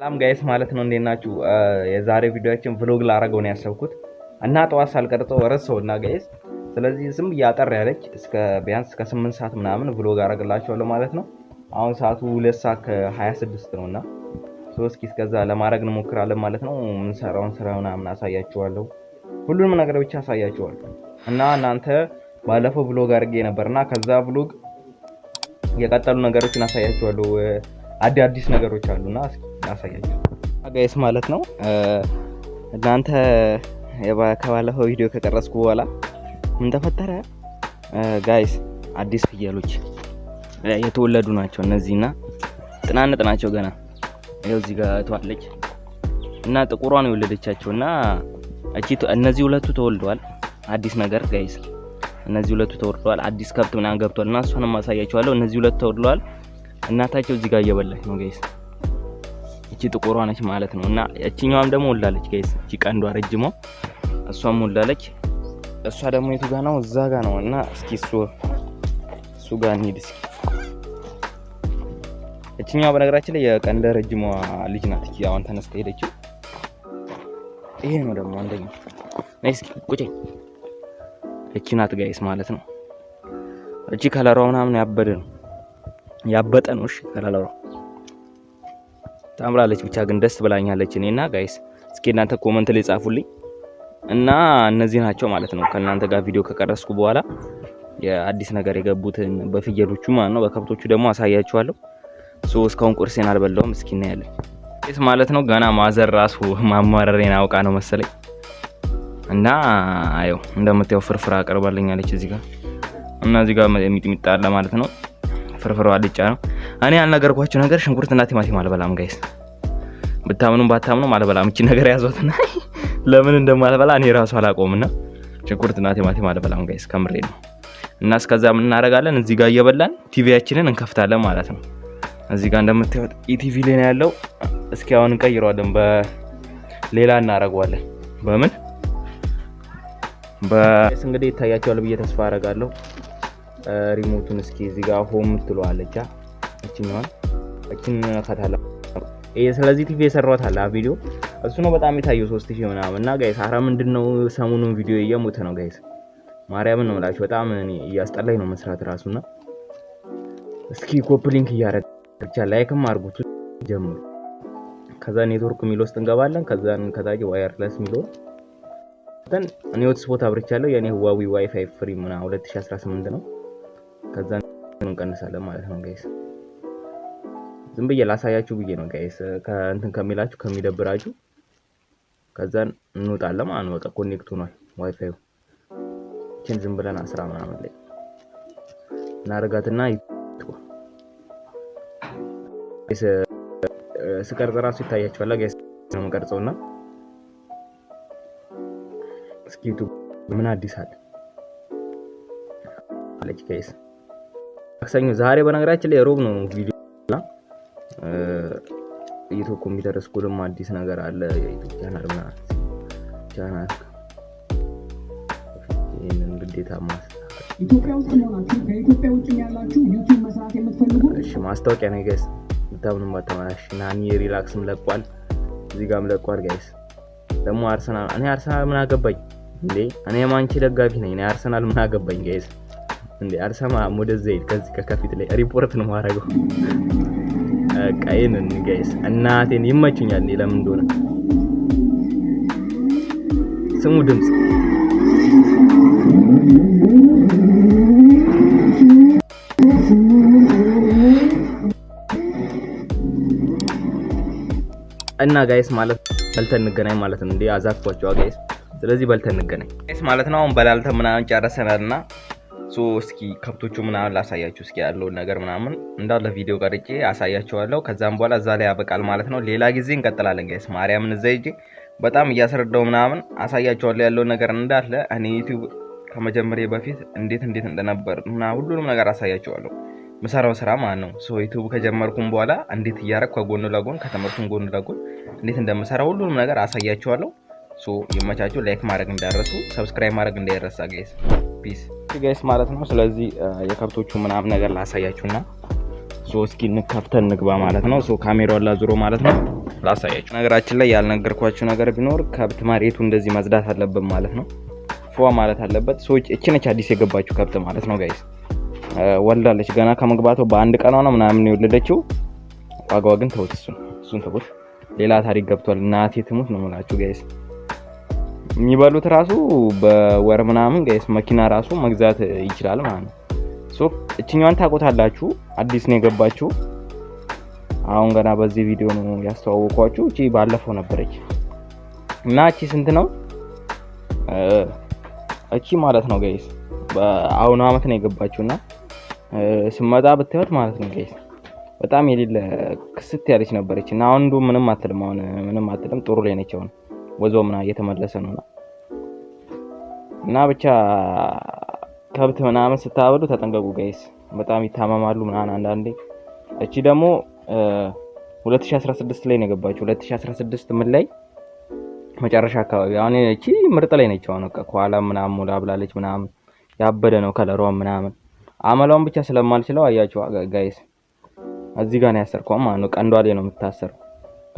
ሰላም ጋይስ ማለት ነው፣ እንዴት ናችሁ? የዛሬ ቪዲዮችን ቭሎግ ላረገው ነው ያሰብኩት እና ጠዋት ሳልቀርጸው ረሳው እና ጋይስ፣ ስለዚህ ዝም እያጠር ያለች እስከ ቢያንስ እስከ 8 ሰዓት ምናምን ቭሎግ አረግላችኋለሁ ማለት ነው። አሁን ሰዓቱ 2 ሰዓት ከ26 ነው እና እስኪ እስከዛ ለማድረግ እንሞክራለን ማለት ነው። የምንሰራውን ስራ ምናምን አሳያችኋለሁ፣ ሁሉንም ነገር ብቻ አሳያችኋለሁ እና እናንተ ባለፈው ቭሎግ አድርጌ እና ከዛ ቭሎግ የቀጠሉ ነገሮችን አሳያችኋለሁ። አዲ አዲስ ነገሮች አሉና አሳያቸው አጋይስ ማለት ነው። እናንተ ከባለፈው ቪዲዮ ከቀረስኩ በኋላ ምን ተፈጠረ ጋይስ? አዲስ ፍየሎች የተወለዱ ናቸው እነዚህና ጥናነጥ ናቸው ገና። ይኸው እዚህ ጋር ተዋለች እና ጥቁሯ ነው የወለደቻቸው እና እነዚህ ሁለቱ ተወልደዋል። አዲስ ነገር ጋይስ፣ እነዚህ ሁለቱ ተወልደዋል። አዲስ ከብት ምናምን ገብቷል እና እሷንም ማሳያቸዋለሁ እነዚህ ሁለቱ ተወልደዋል። እናታቸው እዚህ ጋር እየበላች ነው ጋይስ። እቺ ጥቁሯ ነች ማለት ነው። እና እቺኛዋም ደግሞ ወላለች ጋይስ። እቺ ቀንዷ ረጅሞ እሷም ወላለች። እሷ ደግሞ የቱ ጋ ነው? እዛ ጋ ነው። እና እስኪ እሱ እሱ ጋ እንሂድ እስኪ። እቺኛዋ በነገራችን ላይ የቀንደ ረጅሟ ልጅ ናት። እቺ አሁን ተነስተ ሄደችው። ይሄ ነው ደግሞ አንደኛው። ነይ እስኪ ቁጭኝ። እቺ ናት ጋይስ ማለት ነው። እቺ ከለሯ ምናምን ያበደ ነው ያበጠ ነው። እሺ ከለሯ ታምራለች። ብቻ ግን ደስ ብላኛለች። እኔና ጋይስ እስኪ እናንተ ኮመንት ላይ ጻፉልኝ እና እነዚህ ናቸው ማለት ነው ከእናንተ ጋር ቪዲዮ ከቀረስኩ በኋላ የአዲስ ነገር የገቡትን በፍየሎቹ ማለት ነው። በከብቶቹ ደግሞ አሳያችኋለሁ። ሶ እስካሁን ቁርሴን አልበላውም። እስኪ እናያለን ት ማለት ነው ገና ማዘር ራሱ ማማረሬን አውቃ ነው መሰለኝ እና አዩ እንደምታየው ፍርፍር አቅርባልኛለች እዚህ ጋር እና እዚህ ጋር የሚጥሚጣ አለ ማለት ነው። ፍርፍሮ አልጫ ነው። እኔ ያልነገርኳችሁ ነገር ሽንኩርትና ቲማቲም አልበላም ጋይስ። ብታምኑም ባታምኑም አልበላም። እቺ ነገር ያዟትና ለምን እንደማልበላ እኔ ራሱ አላቆምና ሽንኩርትና ቲማቲም አልበላም ጋይስ፣ ከምሬ ነው። እና እስከዛ ምን እናደርጋለን? እዚህ ጋር እየበላን ቲቪያችንን እንከፍታለን ማለት ነው። እዚህ ጋር እንደምታዩት ኢቲቪ ላይ ነው ያለው። እስኪ አሁን እንቀይረዋለን፣ በሌላ እናደርገዋለን። በምን በስ እንግዲህ ይታያቸዋል ብዬ ተስፋ አደርጋለሁ። ሪሞቱን እስኪ እዚህ ጋር ሆም ትለዋለች እችኛዋን እችን እነካታለሁ። ስለዚህ ቲቪ የሰራኋት ቪዲዮ እሱ ነው በጣም የታየው ሶስት ሺህ ምናምን እና ጋይስ አረ ምንድን ነው ሰሞኑን ቪዲዮ እየሞተ ነው ጋይስ ማርያምን ነው ላቸው በጣም እያስጠላኝ ነው መስራት ራሱ ና እስኪ ኮፕ ሊንክ እያደረግ ብቻ ላይክም አርጉት ጀምሩ። ከዛ ኔትወርክ የሚል ውስጥ እንገባለን። ከዛን ከታች ዋየርለስ የሚለው እንትን እኔ ሆትስፖት አብርቻለሁ። የኔ ህዋዊ ዋይፋይ ፍሪ ምና 2018 ነው። ከዛ እንቀንሳለን ማለት ነው ጋይስ። ዝም ብዬ ላሳያችሁ ብዬ ነው ጋይስ። ከእንትን ከሚላችሁ ከሚደብራችሁ ከዛን እንውጣለን ማለት ነው። በቃ ኮኔክት ሆኗል ዋይፋዩ። ይችን ዝም ብለን አስራ ምናምን ላይ እናደርጋትና ስቀርጽ ራሱ ይታያችኋል ጋይስ ነው የምቀርጸው እና እስኪ ዩቱብ ምን አዲስ አለ አለች ጋይስ ማክሰኞ ዛሬ በነገራችን ላይ ሮብ ነው ቪዲዮ እና ኮምፒውተር ስኩልም አዲስ ነገር አለ። የዩቱብ ቻናል ይህንን ግዴታ ኢትዮጵያ ውስጥ ያላችሁ መስራት የምትፈልጉ ማስታወቂያ ነው ጋይስ። ብታምኑም ባታማሽ ናኒ ሪላክስም ለቋል፣ እዚህ ጋርም ለቋል ጋይስ። ደግሞ አርሰናል እኔ አርሰናል ምን አገባኝ እንዴ? እኔ ማንቺ ደጋፊ ነኝ። እኔ አርሰናል ምን አገባኝ ጋይስ እንዴ አልሰማም። ወደዛ ሂድ። ከዚህ ከከፊት ላይ ሪፖርት ነው ማረገው። ቀይን ጋይስ እናቴን ይመቹኛል። ለምን እንደሆነ ስሙ ድምፅ እና ጋይስ ማለት በልተን እንገናኝ ማለት ነው። እንዴ አዛፍኳቸው ጋይስ። ስለዚህ በልተን እንገናኝ ጋይስ ማለት ነው። አሁን በላልተን ምናምን ጨረሰናልና ሶ እስኪ ከብቶቹ ምናምን ላሳያችሁ እስኪ ያለውን ነገር ምናምን እንዳለ ቪዲዮ ቀርጬ አሳያችኋለሁ። ከዛም በኋላ እዛ ላይ ያበቃል ማለት ነው። ሌላ ጊዜ እንቀጥላለን ጋይስ። ማርያምን እዛ ሂጄ በጣም እያስረዳው ምናምን አሳያችኋለሁ ያለውን ነገር እንዳለ። እኔ ዩቲዩብ ከመጀመሪያ በፊት እንዴት እንዴት እንደነበር እና ሁሉንም ነገር አሳያችኋለሁ። ምሰራው ስራ ማለት ነው። ሶ ዩቲዩብ ከጀመርኩም በኋላ እንዴት እያረግ ከጎን ለጎን ከትምህርቱም ጎን ለጎን እንዴት እንደምሰራ ሁሉንም ነገር አሳያችኋለሁ። ሶ የመቻቸው ላይክ ማድረግ እንዳረሱ ሰብስክራይብ ማድረግ እንዳይረሳ ጋይስ ፒስ ጋይስ ማለት ነው። ስለዚህ የከብቶቹ ምናምን ነገር ላሳያችሁና ሶ እስኪ እንከፍተን እንግባ ማለት ነው። ሶ ካሜራውን ላዙሮ ማለት ነው ላሳያችሁ። ነገራችን ላይ ያልነገርኳችሁ ነገር ቢኖር ከብት መሬቱ እንደዚህ መጽዳት አለብን ማለት ነው። ፏ ማለት አለበት። ሶ እቺ አዲስ የገባችሁ ከብት ማለት ነው ጋይስ። ወልዳለች ገና ከመግባቱ በአንድ ቀኗ ነው ምናምን የወለደችው። ዋጋዋ ግን ተውት፣ እሱን እሱን ተውት። ሌላ ታሪክ ገብቷል። እናቴ ትሙት ነው የምላችሁ ጋይስ የሚበሉት ራሱ በወር ምናምን ጋይስ መኪና ራሱ መግዛት ይችላል ማለት ነው። ሶ እችኛዋን ታቆታላችሁ፣ አዲስ ነው የገባችሁ። አሁን ገና በዚህ ቪዲዮ ነው ያስተዋወቋችሁ እቺ ባለፈው ነበረች እና እቺ ስንት ነው? እቺ ማለት ነው ጋይስ በአሁኑ አመት ነው የገባችሁ እና ስመጣ ብታዩት ማለት ነው ጋይስ በጣም የሌለ ክስት ያለች ነበረች እና አሁን ምንም አትልም። አሁን ምንም አትልም። ጥሩ ላይ ነች አሁን ወዞ ምና እየተመለሰ ነው እና ብቻ ከብት ምናምን ስታበሉ ተጠንቀቁ ጋይስ፣ በጣም ይታመማሉ ምናን አንዳንዴ። እቺ ደግሞ 2016 ላይ ነው የገባችው። 2016 ምን ላይ መጨረሻ አካባቢ። አሁን እቺ ምርጥ ላይ ነች። አሁን ከኋላ ምናምን ሙላ ብላለች ምናምን ያበደ ነው ከለሯ ምናምን። አመላውን ብቻ ስለማልችለው አያችሁ ጋይስ፣ እዚህ ጋር ነው ያሰርኳ ማለት ነው። ቀንዷ ላይ ነው የምታሰርኩ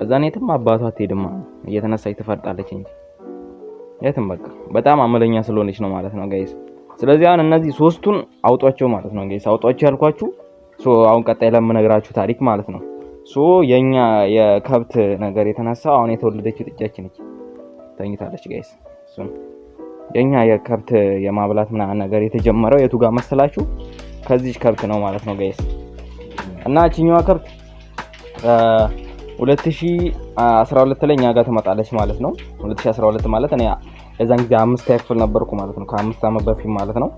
ከዛን የትም አባቷ አትሄድም እየተነሳች ትፈርጣለች እንጂ የትም በቃ በጣም አመለኛ ስለሆነች ነው ማለት ነው ጋይስ። ስለዚህ አሁን እነዚህ ሶስቱን አውጧቸው ማለት ነው ጋይስ። አውጧቸው ያልኳችሁ ሶ አሁን ቀጣይ ለምነግራችሁ ታሪክ ማለት ነው። ሶ የኛ የከብት ነገር የተነሳ አሁን የተወለደችው ጥጃችን ነች፣ ተኝታለች ጋይስ። እሱን የኛ የከብት የማብላት ምናምን ነገር የተጀመረው የቱ ጋር መሰላችሁ? ከዚች ከብት ነው ማለት ነው ጋይስ። እና እችኛዋ ከብት 2012 ላይ እኛ ጋር ትመጣለች ማለት ነው። 2012 ማለት እኔ የዛን ጊዜ አምስት ክፍል ነበርኩ ማለት ነው። ከአምስት ዓመት በፊት ማለት ነው።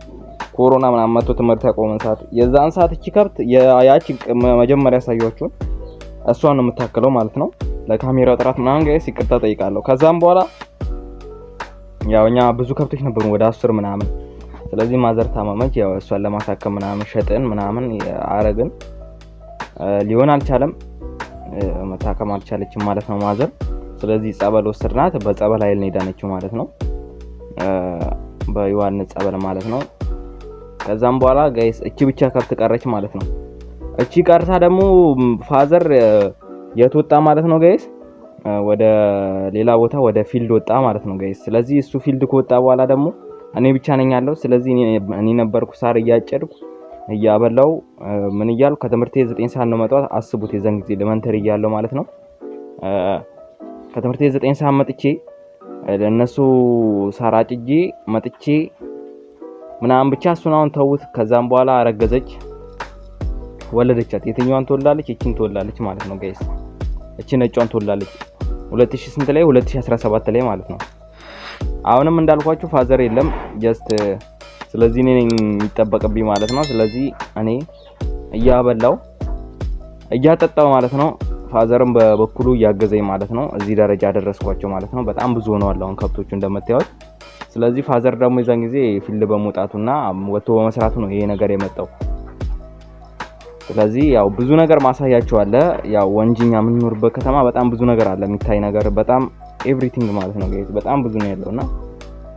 ኮሮና ምናምን መቶ ትምህርት ያቆመን ሰዓት የዛን ሰዓት እቺ ከብት ያቺ መጀመሪያ ያሳያችሁን እሷን ነው የምታክለው ማለት ነው። ለካሜራው ጥራት ምናምን ጋይስ ይቅርታ ጠይቃለሁ። ከዛም በኋላ ያው እኛ ብዙ ከብቶች ነበሩ ወደ አስር ምናምን። ስለዚህ ማዘር ታመመች። ያው እሷን ለማሳከም ምናምን ሸጥን ምናምን አረግን፣ ሊሆን አልቻለም። መታከም አልቻለችም ማለት ነው ማዘር። ስለዚህ ጸበል ወስድናት በጸበል ኃይል ነው ማለት ነው፣ በዮሐንስ ጸበል ማለት ነው። ከዛም በኋላ ጋይስ እቺ ብቻ ከብት ቀረች ማለት ነው። እቺ ቀርታ ደግሞ ፋዘር የት ወጣ ማለት ነው ጋይስ? ወደ ሌላ ቦታ ወደ ፊልድ ወጣ ማለት ነው ጋይስ። ስለዚህ እሱ ፊልድ ከወጣ በኋላ ደግሞ እኔ ብቻ ነኝ ያለው። ስለዚህ እኔ ነበርኩ ሳር እያጨድኩ እያበላው ምን እያሉ ከትምህርት ዘጠኝ ሰዓት ነው መጣት። አስቡት የዘን ጊዜ ለመንተር እያለው ማለት ነው። ከትምህርት ዘጠኝ ሰዓት መጥቼ ለእነሱ ሳራጭጄ መጥቼ ምናምን ብቻ እሱን አሁን ተዉት። ከዛም በኋላ አረገዘች፣ ወለደቻት። የትኛዋን ትወላለች? እችን ትወላለች ማለት ነው ጋይስ፣ እች ነጯን ትወላለች። 2000 ስንት ላይ 2017 ላይ ማለት ነው። አሁንም እንዳልኳችሁ ፋዘር የለም ጀስት ስለዚህ እኔ ነኝ የሚጠበቅብኝ ማለት ነው። ስለዚህ እኔ እያበላው እያጠጣው ማለት ነው። ፋዘርም በበኩሉ እያገዘኝ ማለት ነው። እዚህ ደረጃ አደረስኳቸው ማለት ነው። በጣም ብዙ ሆነዋል አሁን ከብቶቹ እንደምታዩት። ስለዚህ ፋዘር ደግሞ የዛን ጊዜ ፊልድ በመውጣቱና ወጥቶ በመስራቱ ነው ይሄ ነገር የመጣው። ስለዚህ ያው ብዙ ነገር ማሳያቸው አለ። ያው ወንጂኛ የምንኖርበት ከተማ በጣም ብዙ ነገር አለ የሚታይ ነገር፣ በጣም ኤቭሪቲንግ ማለት ነው። በጣም ብዙ ነው ያለውና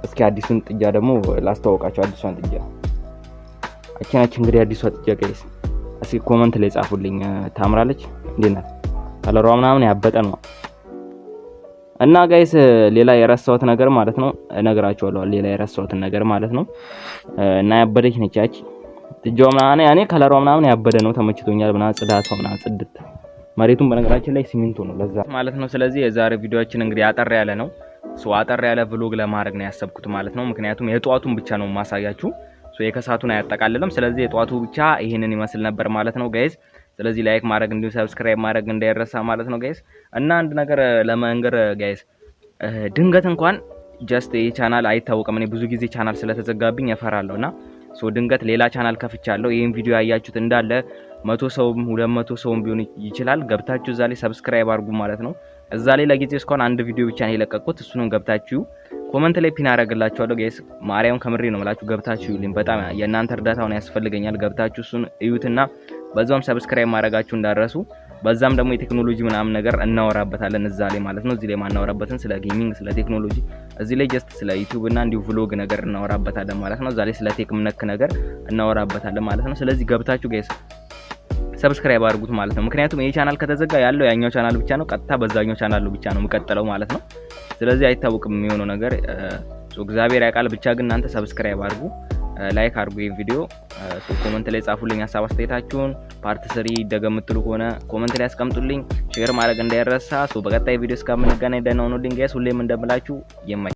እስኪ አዲሱን ጥጃ ደግሞ ላስተዋወቃቸው። አዲሷን ጥጃ አኪናችን እንግዲህ አዲሷ ጥጃ ቀይስ እስኪ ኮመንት ላይ ጻፉልኝ። ታምራለች እንዴት ናት? ከለሯ ምናምን ያበጠ ነው። እና ጋይስ ሌላ የረሳሁት ነገር ማለት ነው እነግራችኋለሁ። ሌላ የረሳሁትን ነገር ማለት ነው። እና ያበደች ነች ያቺ ምናምን፣ ያኔ ከለሯ ምናምን ያበደ ነው። ተመችቶኛል ምናምን፣ ጽዳቷ ምናምን ጽድት። መሬቱን በነገራችን ላይ ሲሚንቶ ነው ለዛ ማለት ነው። ስለዚህ የዛሬ ቪዲዮችን እንግዲህ አጠር ያለ ነው። አጠር ያለ ቭሎግ ለማድረግ ነው ያሰብኩት ማለት ነው። ምክንያቱም የጠዋቱን ብቻ ነው ማሳያችሁ፣ የከሳቱን አያጠቃልልም። ስለዚህ የጠዋቱ ብቻ ይህንን ይመስል ነበር ማለት ነው ጋይዝ። ስለዚህ ላይክ ማድረግ እንዲሁ ሰብስክራይብ ማድረግ እንዳይረሳ ማለት ነው ጋይዝ። እና አንድ ነገር ለመንገር ጋይዝ፣ ድንገት እንኳን ጀስት ይህ ቻናል አይታወቅም። እኔ ብዙ ጊዜ ቻናል ስለተዘጋብኝ እፈራለሁ እና ሶ ድንገት ሌላ ቻናል ከፍቻለሁ። ይህን ቪዲዮ ያያችሁት እንዳለ መቶ ሰውም ሁለት መቶ ሰውም ቢሆን ይችላል ገብታችሁ እዛ ላይ ሰብስክራይብ አድርጉ ማለት ነው። እዛ ላይ ለጊዜ እስካሁን አንድ ቪዲዮ ብቻ ነው የለቀቁት። እሱንም ገብታችሁ ኮመንት ላይ ፒን አደርግላችኋለሁ ጋይስ። ማርያም ከምሬ ነው የምላችሁ፣ ገብታችሁ ይሁልኝ። በጣም የእናንተ እርዳታውን ያስፈልገኛል። ገብታችሁ እሱን እዩትና በዛውም ሰብስክራይብ ማድረጋችሁ እንዳረሱ። በዛም ደግሞ የቴክኖሎጂ ምናምን ነገር እናወራበታለን እዛ ላይ ማለት ነው። እዚህ ላይ ማናወራበትን ስለ ጌሚንግ፣ ስለ ቴክኖሎጂ እዚህ ላይ ጀስት ስለ ዩቲዩብ እና እንዲሁ ቭሎግ ነገር እናወራበታለን ማለት ነው። እዛ ላይ ስለ ቴክም ነክ ነገር እናወራበታለን ማለት ነው። ስለዚህ ገብታችሁ ጋይስ ሰብስክራይብ አድርጉት ማለት ነው። ምክንያቱም ይሄ ቻናል ከተዘጋ ያለው ያኛው ቻናል ብቻ ነው፣ ቀጥታ በዛኛው ቻናል ብቻ ነው የምቀጥለው ማለት ነው። ስለዚህ አይታወቅም የሚሆነው ነገር እግዚአብሔር ያውቃል። ብቻ ግን እናንተ ሰብስክራይብ አድርጉ፣ ላይክ አድርጉ ይህ ቪዲዮ። ኮመንት ላይ ጻፉልኝ ሀሳብ አስተያየታችሁን። ፓርት ስሪ ይደገም የምትሉ ከሆነ ኮመንት ላይ አስቀምጡልኝ። ሼር ማድረግ እንዳይረሳ። በቀጣይ ቪዲዮ እስከምንገናኝ ደህና ሁኑልኝ ጋይስ። ሁሌም እንደምላችሁ የማይ